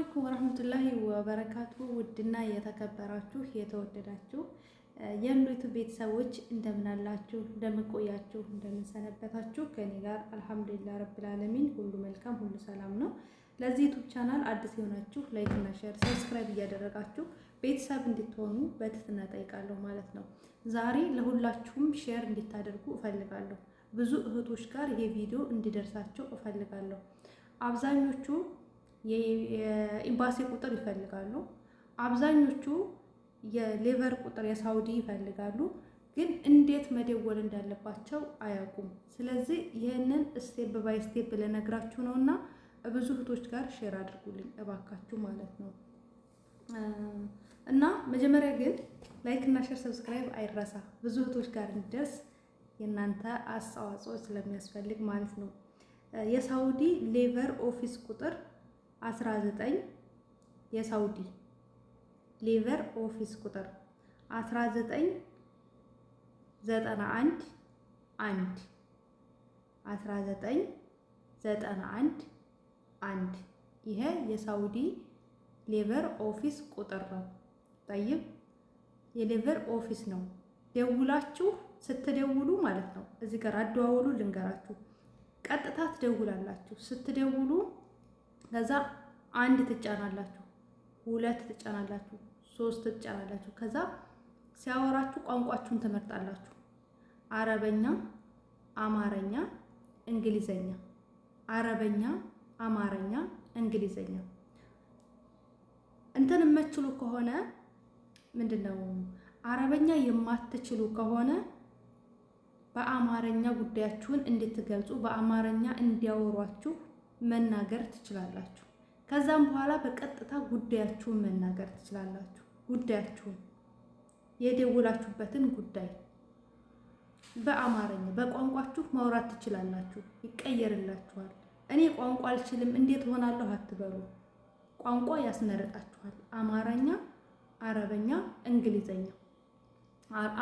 አለይኩም ወረህመቱላሂ ወበረካቱ። ውድና የተከበራችሁ የተወደዳችሁ የሉቱ ቤተሰቦች እንደምን አላችሁ? እንደምን እንደምንሰነበታችሁ? ከኔ ጋር አልሐምዱሊላህ ረብል ዓለሚን ሁሉ መልካም፣ ሁሉ ሰላም ነው። ለዚህ ዩቱብ ቻናል አዲስ የሆናችሁ ላይክ እና ሼር፣ ሰብስክራይብ እያደረጋችሁ ቤተሰብ እንድትሆኑ በትህትና እጠይቃለሁ ማለት ነው። ዛሬ ለሁላችሁም ሼር እንድታደርጉ እፈልጋለሁ። ብዙ እህቶች ጋር ይሄ ቪዲዮ እንዲደርሳቸው እፈልጋለሁ። አብዛኞቹ የኤምባሲ ቁጥር ይፈልጋሉ። አብዛኞቹ የሌቨር ቁጥር የሳውዲ ይፈልጋሉ፣ ግን እንዴት መደወል እንዳለባቸው አያውቁም። ስለዚህ ይህንን ስቴፕ ባይ ስቴፕ ልነግራችሁ ነው እና ብዙ እህቶች ጋር ሼር አድርጉልኝ እባካችሁ ማለት ነው። እና መጀመሪያ ግን ላይክ እና ሼር ሰብስክራይብ አይረሳ፣ ብዙ እህቶች ጋር እንዲደርስ የእናንተ አስተዋጽኦ ስለሚያስፈልግ ማለት ነው። የሳውዲ ሌቨር ኦፊስ ቁጥር 19 የሳውዲ ሌቨር ኦፊስ ቁጥር 199አ19 1991 አንድ 1991 አንድ ይሄ የሳውዲ ሌቨር ኦፊስ ቁጥር ነው። ጠይብ የሌቨር ኦፊስ ነው። ደውላችሁ ስትደውሉ ማለት ነው። እዚህ ጋር አደዋወሉ ልንገራችሁ። ቀጥታ ትደውላላችሁ ስትደውሉ ከዛ አንድ ትጫናላችሁ፣ ሁለት ትጫናላችሁ፣ ሶስት ትጫናላችሁ። ከዛ ሲያወራችሁ ቋንቋችሁን ትመርጣላችሁ። አረበኛ፣ አማረኛ፣ እንግሊዘኛ፣ አረበኛ፣ አማረኛ፣ እንግሊዘኛ እንትን የምትችሉ ከሆነ ምንድን ነው አረበኛ የማትችሉ ከሆነ በአማረኛ ጉዳያችሁን እንድትገልጹ በአማረኛ እንዲያወሯችሁ መናገር ትችላላችሁ። ከዛም በኋላ በቀጥታ ጉዳያችሁን መናገር ትችላላችሁ። ጉዳያችሁን የደወላችሁበትን ጉዳይ በአማርኛ በቋንቋችሁ ማውራት ትችላላችሁ። ይቀየርላችኋል። እኔ ቋንቋ አልችልም እንዴት ሆናለሁ አትበሉ። ቋንቋ ያስመርጣችኋል። አማርኛ፣ አረበኛ፣ እንግሊዘኛ።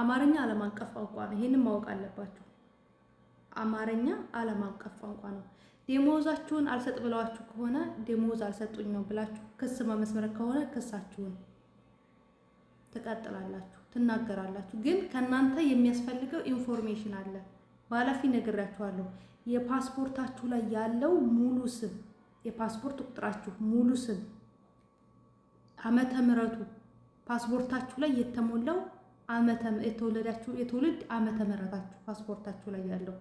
አማርኛ ዓለም አቀፍ ቋንቋ ነው። ይህንን ማወቅ አለባችሁ። አማርኛ ዓለም አቀፍ ቋንቋ ነው። ደሞዛችሁን አልሰጥ ብለዋችሁ ከሆነ ደሞዝ አልሰጡኝ ነው ብላችሁ ክስ መመስረት ከሆነ ክሳችሁን ትቀጥላላችሁ፣ ትናገራላችሁ። ግን ከእናንተ የሚያስፈልገው ኢንፎርሜሽን አለ። በኃላፊ ነግሬያችኋለሁ። የፓስፖርታችሁ ላይ ያለው ሙሉ ስም፣ የፓስፖርት ቁጥራችሁ፣ ሙሉ ስም፣ ዓመተ ምሕረቱ ፓስፖርታችሁ ላይ የተሞላው የተወለዳችሁ የትውልድ ዓመተ ምሕረታችሁ ፓስፖርታችሁ ላይ ያለው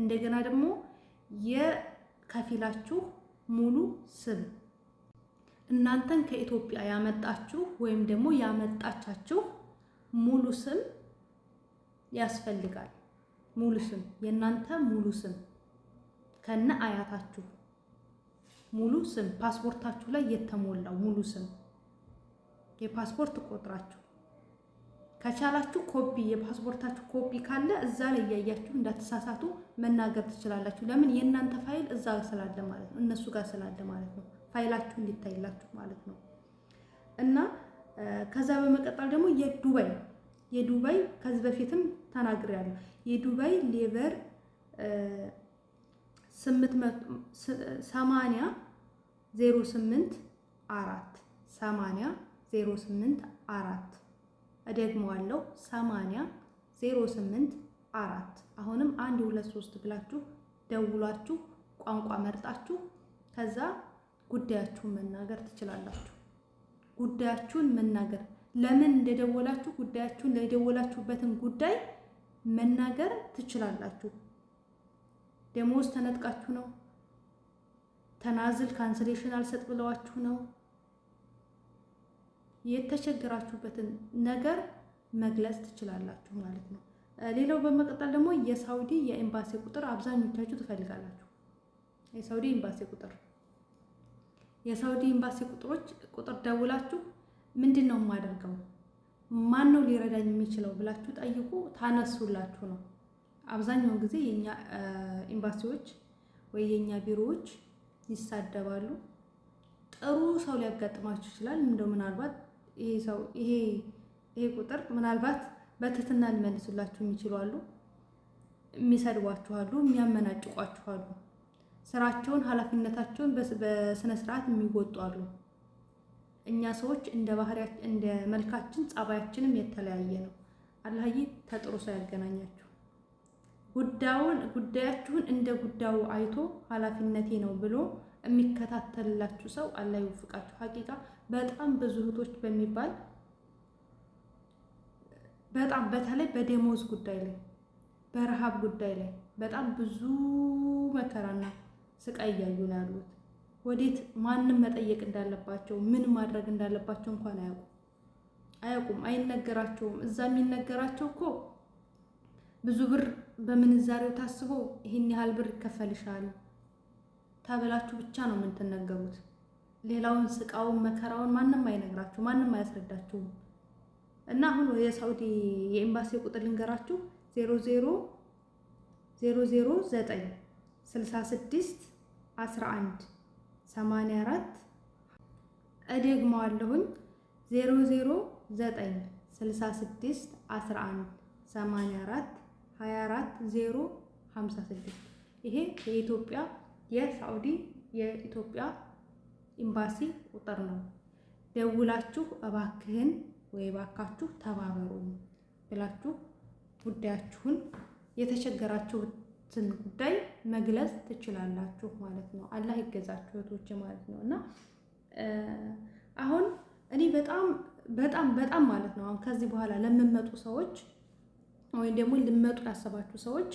እንደገና ደግሞ ከፊላችሁ ሙሉ ስም እናንተን ከኢትዮጵያ ያመጣችሁ ወይም ደግሞ ያመጣቻችሁ ሙሉ ስም ያስፈልጋል። ሙሉ ስም የእናንተ ሙሉ ስም ከነ አያታችሁ ሙሉ ስም ፓስፖርታችሁ ላይ የተሞላው ሙሉ ስም የፓስፖርት ቁጥራችሁ ከቻላችሁ ኮፒ የፓስፖርታችሁ ኮፒ ካለ እዛ ላይ እያያችሁ እንዳትሳሳቱ መናገር ትችላላችሁ። ለምን የእናንተ ፋይል እዛ ስላለ ማለት ነው፣ እነሱ ጋር ስላለ ማለት ነው። ፋይላችሁ እንዲታይላችሁ ማለት ነው። እና ከዛ በመቀጠል ደግሞ የዱባይ የዱባይ ከዚህ በፊትም ተናግሬያለሁ። የዱባይ ሌበር ሰማንያ ዜሮ ስምንት አራት ሰማንያ ዜሮ ስምንት አራት እደግመዋለሁ 80 08 አራት አሁንም አንድ ሁለት ሶስት ብላችሁ ደውላችሁ ቋንቋ መርጣችሁ ከዛ ጉዳያችሁን መናገር ትችላላችሁ። ጉዳያችሁን መናገር ለምን እንደደወላችሁ ጉዳያችሁን ለደወላችሁበትን ጉዳይ መናገር ትችላላችሁ። ደሞዝ ተነጥቃችሁ ነው፣ ተናዝል ካንስሌሽን አልሰጥ ብለዋችሁ ነው የተቸገራችሁበትን ነገር መግለጽ ትችላላችሁ ማለት ነው። ሌላው በመቀጠል ደግሞ የሳውዲ የኤምባሲ ቁጥር አብዛኞቻችሁ ትፈልጋላችሁ። የሳውዲ ኤምባሲ ቁጥር የሳውዲ ኤምባሲ ቁጥሮች ቁጥር ደውላችሁ ምንድን ነው የማደርገው ማን ነው ሊረዳኝ የሚችለው ብላችሁ ጠይቁ፣ ታነሱላችሁ ነው። አብዛኛውን ጊዜ የኛ ኤምባሲዎች ወይ የኛ ቢሮዎች ይሳደባሉ። ጥሩ ሰው ሊያጋጥማችሁ ይችላል እንደው ምናልባት ይሄ ሰው ይሄ ይሄ ቁጥር ምናልባት በትህትና ሊመልሱላችሁ የሚችሉ አሉ፣ የሚሰድቧችሁ አሉ፣ የሚያመናጭቋችሁ አሉ፣ ስራቸውን ኃላፊነታቸውን በስነ ስርዓት የሚወጡ አሉ። እኛ ሰዎች እንደ ባህሪያችን እንደ መልካችን ጸባያችንም የተለያየ ነው። አላህዬ ተጥሮ ሰው ያገናኛችሁ። ጉዳዩን ጉዳያችሁን እንደ ጉዳዩ አይቶ ኃላፊነቴ ነው ብሎ የሚከታተልላችሁ ሰው አላህ ይወፍቃችሁ ሀቂቃ በጣም ብዙ እህቶች በሚባል በጣም በተለይ በደሞዝ ጉዳይ ላይ በረሃብ ጉዳይ ላይ በጣም ብዙ መከራና ስቃይ እያዩ ነው ያሉት። ወዴት ማንም መጠየቅ እንዳለባቸው ምን ማድረግ እንዳለባቸው እንኳን አያውቁም አያውቁም፣ አይነገራቸውም። እዛ የሚነገራቸው እኮ ብዙ ብር በምንዛሬው ታስቦ ይህን ያህል ብር ይከፈልሻል ተብላችሁ ብቻ ነው የምትነገሩት። ሌላውን ስቃውን መከራውን ማንም አይነግራችሁ፣ ማንም አያስረዳችሁም። እና አሁን የሳውዲ የኤምባሲ ቁጥር ልንገራችሁ፣ 00009 66 11 84 እደግመዋለሁኝ 009 66 11 84 24 056 ይሄ የኢትዮጵያ የሳውዲ የኢትዮጵያ ኤምባሲ ቁጥር ነው። ደውላችሁ እባክህን ወይ እባካችሁ ተባበሩ ብላችሁ ጉዳያችሁን የተቸገራችሁትን ጉዳይ መግለጽ ትችላላችሁ ማለት ነው። አላህ ይገዛችሁ እህቶች ማለት ነው። እና አሁን እኔ በጣም በጣም በጣም ማለት ነው አሁን ከዚህ በኋላ ለምመጡ ሰዎች ወይም ደግሞ ልመጡ ያሰባችሁ ሰዎች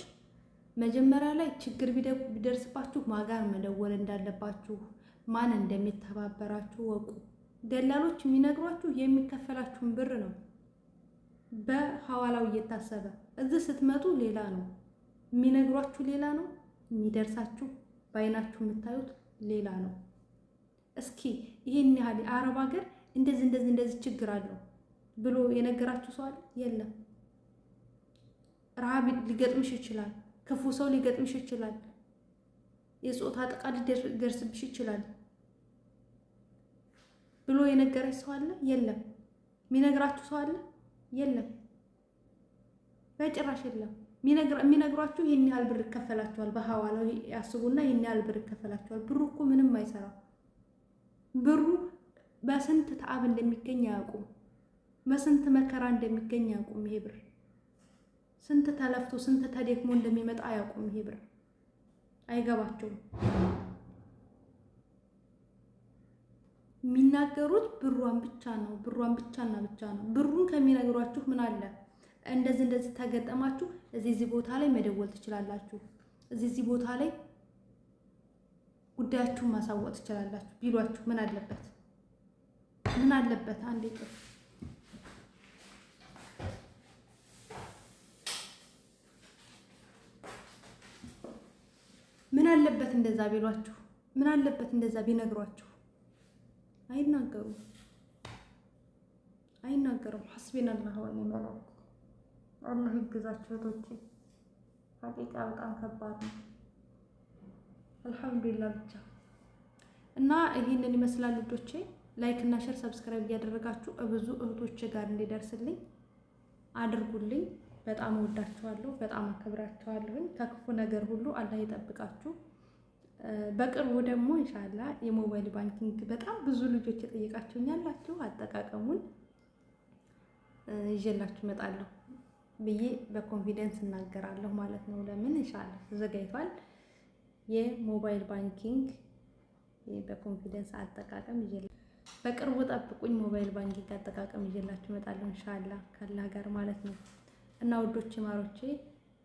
መጀመሪያ ላይ ችግር ቢደርስባችሁ ማጋር መደወል እንዳለባችሁ ማን እንደሚተባበራችሁ ወቁ። ደላሎች የሚነግሯችሁ የሚከፈላችሁን ብር ነው በሐዋላው እየታሰበ እዚህ ስትመጡ ሌላ ነው የሚነግሯችሁ፣ ሌላ ነው የሚደርሳችሁ፣ በአይናችሁ የምታዩት ሌላ ነው። እስኪ ይሄን ያህል የአረብ ሀገር እንደዚህ እንደዚህ እንደዚህ ችግር አለው ብሎ የነገራችሁ ሰው አለ? የለም። ረሃብ ሊገጥምሽ ይችላል። ክፉ ሰው ሊገጥምሽ ይችላል። የጾታ ጥቃት ሊደርስብሽ ይችላል ብሎ የነገረች ሰው አለ? የለም። የሚነግራችሁ ሰው አለ? የለም፣ በጭራሽ የለም። የሚነግሯችሁ ይህን ያህል ብር ይከፈላችኋል፣ በሐዋላው ያስቡና ይህን ያህል ብር ይከፈላችኋል። ብሩ እኮ ምንም አይሰራም። ብሩ በስንት ተአብ እንደሚገኝ አያውቁም። በስንት መከራ እንደሚገኝ አያውቁም። ይሄ ብር ስንት ተለፍቶ ስንት ተደክሞ እንደሚመጣ አያውቁም። ይሄ ብር አይገባቸውም። የሚናገሩት ብሯን ብቻ ነው። ብሯን ብቻና ብቻ ነው። ብሩን ከሚነግሯችሁ ምን አለ እንደዚህ እንደዚህ ተገጠማችሁ፣ እዚህ እዚህ ቦታ ላይ መደወል ትችላላችሁ፣ እዚህ እዚህ ቦታ ላይ ጉዳያችሁን ማሳወቅ ትችላላችሁ ቢሏችሁ ምን አለበት? ምን አለበት? አንዴ ምን አለበት እንደዛ ቢሏችሁ? ምን አለበት እንደዛ ቢነግሯችሁ? አይናገሩም፣ አይናገሩም። ሐስቢናላህ ወኒዕመል ወኪል። አላህ ይግዛችሁ እህቶቼ። ሀቂቃ በጣም ከባድ ነው። አልሐምዱሊላህ ብቻ እና ይህንን ይመስላል ልጆቼ። ላይክ እና ሼር ሰብስክራይብ እያደረጋችሁ ብዙ እህቶቼ ጋር እንዲደርስልኝ አድርጉልኝ። በጣም ወዳችኋለሁ፣ በጣም አከብራችኋለሁኝ። ከክፉ ነገር ሁሉ አላህ ይጠብቃችሁ። በቅርቡ ደግሞ ኢንሻላ የሞባይል ባንኪንግ በጣም ብዙ ልጆች የጠየቃችሁኝ ያላችሁ አጠቃቀሙን ይዤላችሁ እመጣለሁ ብዬ በኮንፊደንስ እናገራለሁ ማለት ነው። ለምን ኢንሻላ ተዘጋጅቷል። የሞባይል ባንኪንግ በኮንፊደንስ አጠቃቀም በቅርቡ ጠብቁኝ። ሞባይል ባንኪንግ አጠቃቀም ይዤላችሁ እመጣለሁ ኢንሻላ ካላህ ጋር ማለት ነው። እና ውዶቼ ማሮቼ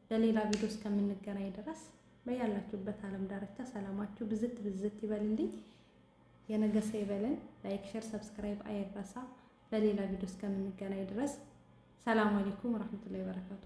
ለሌላ ቪዲዮ እስከምንገናኝ ድረስ በያላችሁበት ዓለም ዳርቻ ሰላማችሁ ብዝት ብዝት ይበልልኝ። የነገሰ ይበልን። ላይክ፣ ሼር፣ ሰብስክራይብ አይረሳ። በሌላ ቪዲዮ እስከምንገናኝ ድረስ ሰላም አለይኩም ወራህመቱላሂ ወበረካቱ።